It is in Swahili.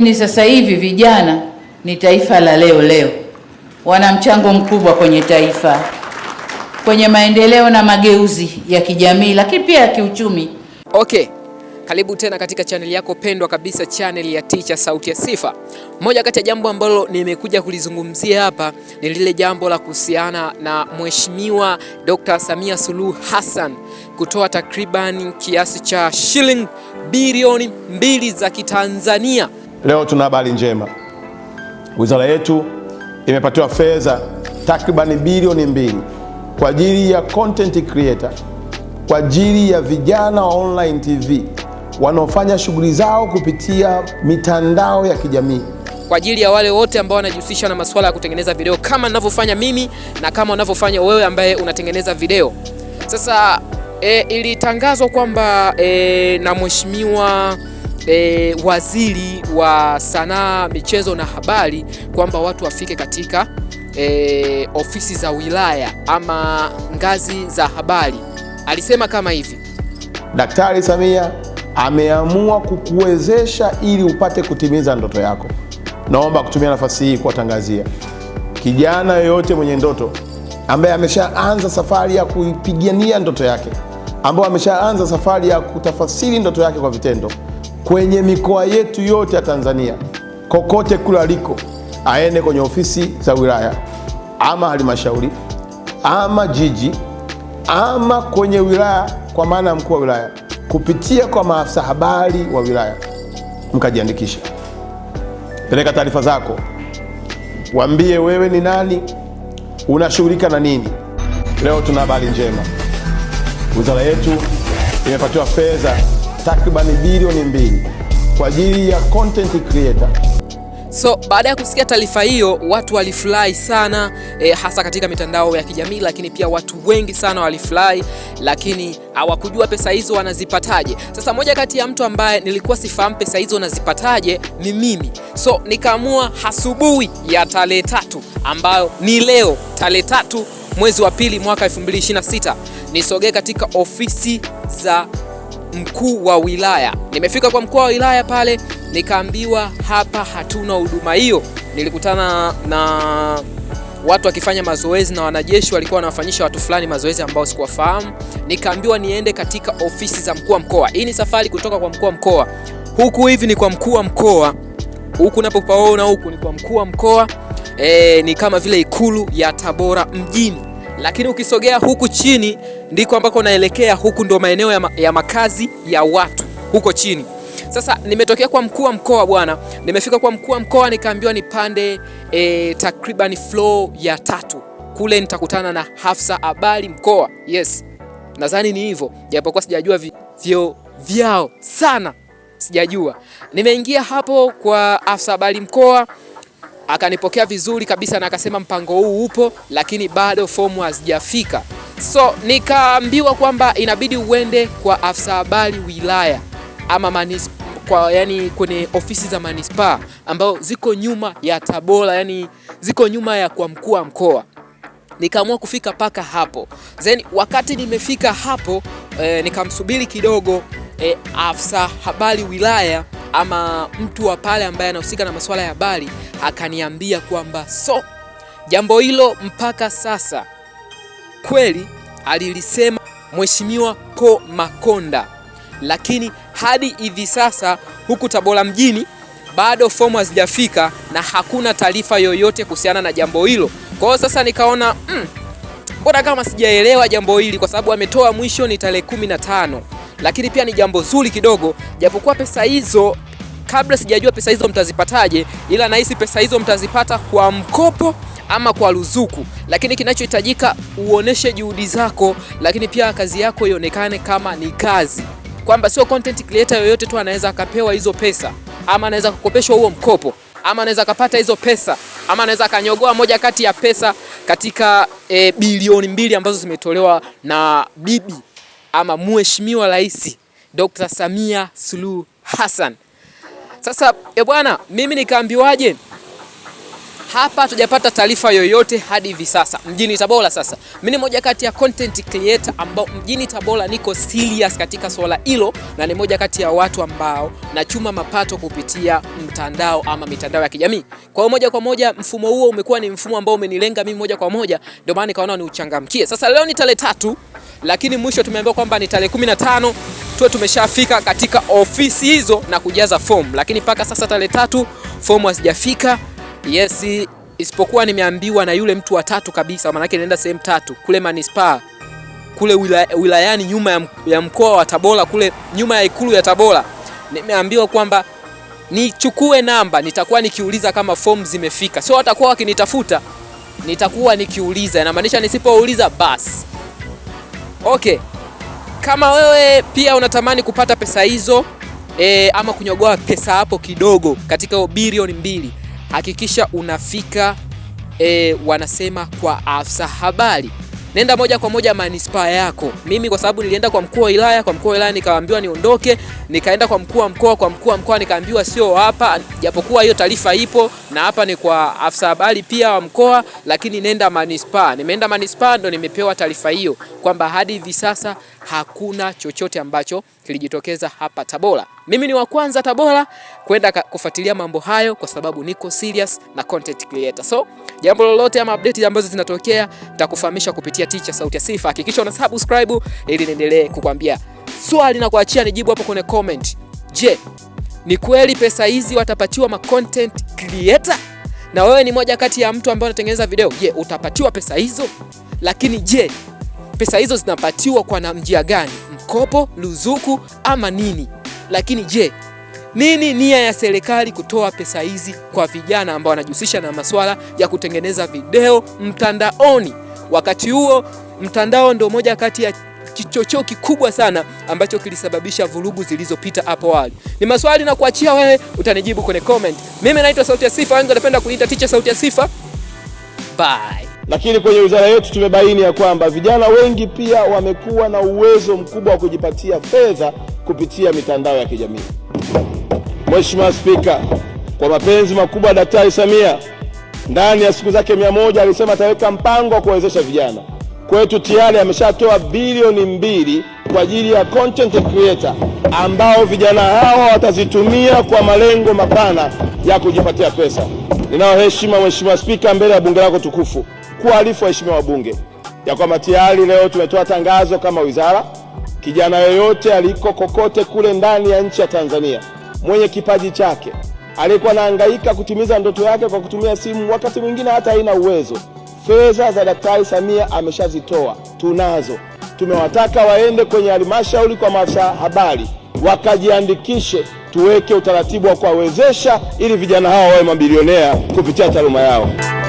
Ni sasa hivi vijana ni taifa la leo leo, wana mchango mkubwa kwenye taifa, kwenye maendeleo na mageuzi ya kijamii, lakini pia ya kiuchumi. Okay, karibu tena katika chaneli yako pendwa kabisa, chaneli ya Teacher Sauti ya Sifa. Moja kati ya jambo ambalo nimekuja kulizungumzia hapa ni lile jambo la kuhusiana na Mheshimiwa Dr. Samia Suluhu Hassan kutoa takribani kiasi cha shilingi bilioni mbili za Kitanzania Leo tuna habari njema. Wizara yetu imepatiwa fedha takribani bilioni mbili kwa ajili ya content creator, kwa ajili ya vijana wa online TV wanaofanya shughuli zao kupitia mitandao ya kijamii kwa ajili ya wale wote ambao wanajihusisha na masuala ya kutengeneza video kama ninavyofanya mimi na kama unavyofanya wewe ambaye unatengeneza video. Sasa e, ilitangazwa kwamba e, na mheshimiwa e, waziri wa sanaa, michezo na habari kwamba watu wafike katika e, ofisi za wilaya ama ngazi za habari. Alisema kama hivi: Daktari Samia ameamua kukuwezesha ili upate kutimiza ndoto yako. Naomba kutumia nafasi hii kuwatangazia kijana yoyote mwenye ndoto ambaye ameshaanza safari ya kuipigania ndoto yake, ambaye ameshaanza safari ya kutafasiri ndoto yake kwa vitendo kwenye mikoa yetu yote ya Tanzania, kokote kule aliko, aende kwenye ofisi za wilaya ama halmashauri ama jiji ama kwenye wilaya, kwa maana ya mkuu wa wilaya, kupitia kwa maafisa habari wa wilaya, mkajiandikisha. Peleka taarifa zako, waambie wewe ni nani, unashughulika na nini. Leo tuna habari njema, wizara yetu imepatiwa fedha takribani bilioni mbili kwa ajili ya content creator. So baada ya kusikia taarifa hiyo watu walifurahi sana e, hasa katika mitandao ya kijamii, lakini pia watu wengi sana walifurahi, lakini hawakujua pesa hizo wanazipataje. Sasa moja kati ya mtu ambaye nilikuwa sifahamu pesa hizo wanazipataje ni mimi, so nikaamua asubuhi ya tarehe tatu ambayo ni leo tarehe tatu mwezi wa pili mwaka 2026 nisogee katika ofisi za mkuu wa wilaya. Nimefika kwa mkuu wa wilaya pale nikaambiwa hapa hatuna huduma hiyo. Nilikutana na watu wakifanya mazoezi na wanajeshi walikuwa wanawafanyisha watu fulani mazoezi ambao sikuwafahamu. Nikaambiwa niende katika ofisi za mkuu wa mkoa. Hii ni safari kutoka kwa mkuu wa mkoa, huku hivi ni kwa mkuu wa mkoa, huku napopaona huku ni kwa mkuu wa mkoa. E, ni kama vile ikulu ya Tabora mjini, lakini ukisogea huku chini ndiko ambako naelekea, huku ndo maeneo ya, ma ya makazi ya watu huko chini. Sasa nimetokea kwa mkuu wa mkoa bwana, nimefika kwa mkuu wa mkoa nikaambiwa nipande e, takriban floor ya tatu kule nitakutana na Hafsa Abali Mkoa. Yes, nadhani ni hivyo, japokuwa sijajua vyo vyao sana, sijajua. Nimeingia hapo kwa Hafsa Abali Mkoa, akanipokea vizuri kabisa na akasema mpango huu upo, lakini bado fomu hazijafika. So nikaambiwa kwamba inabidi uende kwa afisa habari wilaya ama manis kwa yani kwenye ofisi za manispaa ambao ziko nyuma ya Tabora, yani ziko nyuma ya kwa mkuu wa mkoa. Nikaamua kufika paka hapo. Then wakati nimefika hapo e, nikamsubiri kidogo e, afisa habari wilaya ama mtu wa pale ambaye anahusika na masuala ya habari akaniambia kwamba so jambo hilo mpaka sasa kweli alilisema Mheshimiwa Ko Makonda, lakini hadi hivi sasa huku Tabora mjini bado fomu hazijafika na hakuna taarifa yoyote kuhusiana na jambo hilo. Kwa hiyo sasa nikaona mm, mbona kama sijaelewa jambo hili, kwa sababu ametoa mwisho ni tarehe kumi na tano, lakini pia ni jambo zuri kidogo, japokuwa pesa hizo kabla sijajua pesa hizo mtazipataje, ila nahisi pesa hizo mtazipata kwa mkopo ama kwa ruzuku, lakini kinachohitajika uoneshe juhudi zako, lakini pia kazi yako ionekane kama ni kazi, kwamba sio content creator yoyote tu anaweza akapewa hizo pesa ama anaweza kukopeshwa huo mkopo ama anaweza akapata hizo pesa ama anaweza akanyogoa moja kati ya pesa katika e, bilioni mbili ambazo zimetolewa na bibi ama mheshimiwa Rais Dr. Samia Suluhu Hassan. Sasa e bwana, mimi nikaambiwaje? hapa tujapata taarifa yoyote hadi hivi sasa mjini Tabora. Sasa mimi ni moja kati ya content creator ambao mjini Tabora niko serious katika swala hilo, na ni moja kati ya watu ambao nachuma mapato kupitia mtandao ama mitandao ya kijamii. Kwa hiyo moja kwa moja mfumo huo umekuwa ni mfumo ambao umenilenga mimi moja kwa moja, ndio maana nikaona niuchangamkie. Sasa leo ni tarehe tatu, lakini mwisho tumeambiwa kwamba ni tarehe tano tuwe tumeshafika katika ofisi hizo na kujaza fomu, lakini mpaka sasa tarehe tatu fomu hazijafika. Yes, isipokuwa nimeambiwa na yule mtu wa tatu kabisa, maanake naenda sehemu tatu kule manispaa kule wilayani nyuma ya mkoa wa Tabora kule nyuma ya ikulu ya Tabora, nimeambiwa kwamba nichukue namba, nitakuwa nikiuliza kama fomu zimefika, sio watakuwa wakinitafuta, nitakuwa nikiuliza. Inamaanisha nisipouliza basi. Okay, kama wewe pia unatamani kupata pesa hizo e, ama kunyogoa pesa hapo kidogo katika bilioni mbili hakikisha unafika e, wanasema kwa afisa habari. Nenda moja kwa moja manispaa yako. Mimi kwa sababu nilienda kwa mkuu wa wilaya, kwa mkuu wa wilaya nikaambiwa niondoke, nikaenda kwa mkuu wa mkoa, kwa mkuu wa mkoa nikaambiwa sio hapa, japokuwa hiyo taarifa ipo na hapa ni kwa afisa habari pia wa mkoa, lakini nenda manispaa. Nimeenda manispaa ndo nimepewa taarifa hiyo kwamba hadi hivi sasa hakuna chochote ambacho kilijitokeza hapa Tabora. Mimi ni wa kwanza Tabora kwenda kufuatilia mambo hayo, kwa sababu niko serious na content creator. So jambo lolote ama update ambazo zinatokea nitakufahamisha kupitia Teacher Sauti ya Sifa. Hakikisha una subscribe ili niendelee kukwambia. Swali na kuachia nijibu hapo kwenye comment. Je, ni kweli pesa hizi watapatiwa ma content creator? Na wewe ni moja kati ya mtu ambaye anatengeneza video, je, utapatiwa pesa hizo? Lakini je, pesa hizo zinapatiwa kwa njia gani? Mkopo, ruzuku ama nini? Lakini je, nini nia ya serikali kutoa pesa hizi kwa vijana ambao wanajihusisha na masuala ya kutengeneza video mtandaoni? Wakati huo mtandao ndio moja kati ya kichocheo kikubwa sana ambacho kilisababisha vurugu zilizopita hapo awali. Ni maswali na kuachia wewe, utanijibu kwenye comment. Mimi naitwa Sauti ya Sifa, wengi wanapenda kuniita Teacher Sauti ya Sifa. Bye. Lakini kwenye wizara yetu tumebaini ya kwamba vijana wengi pia wamekuwa na uwezo mkubwa wa kujipatia fedha kupitia mitandao ya kijamii. Mheshimiwa Spika, kwa mapenzi makubwa Daktari Samia ndani ya siku zake mia moja alisema ataweka mpango wa kuwawezesha vijana. Kwetu tayari ameshatoa bilioni mbili kwa ajili ya content creator ambao vijana hawa watazitumia kwa malengo mapana ya kujipatia pesa. Ninao heshima Mheshimiwa Spika, mbele ya bunge lako tukufu kuwaarifu waheshimiwa wabunge ya kwamba tayari leo tumetoa tangazo kama wizara, kijana yoyote aliko kokote kule ndani ya nchi ya Tanzania mwenye kipaji chake aliyekuwa anahangaika kutimiza ndoto yake kwa kutumia simu, wakati mwingine hata haina uwezo, fedha za Daktari Samia ameshazitoa, tunazo. Tumewataka waende kwenye halmashauri kwa maafisa habari wakajiandikishe, tuweke utaratibu wa kuwawezesha ili vijana hao wawe mabilionea kupitia taaluma yao.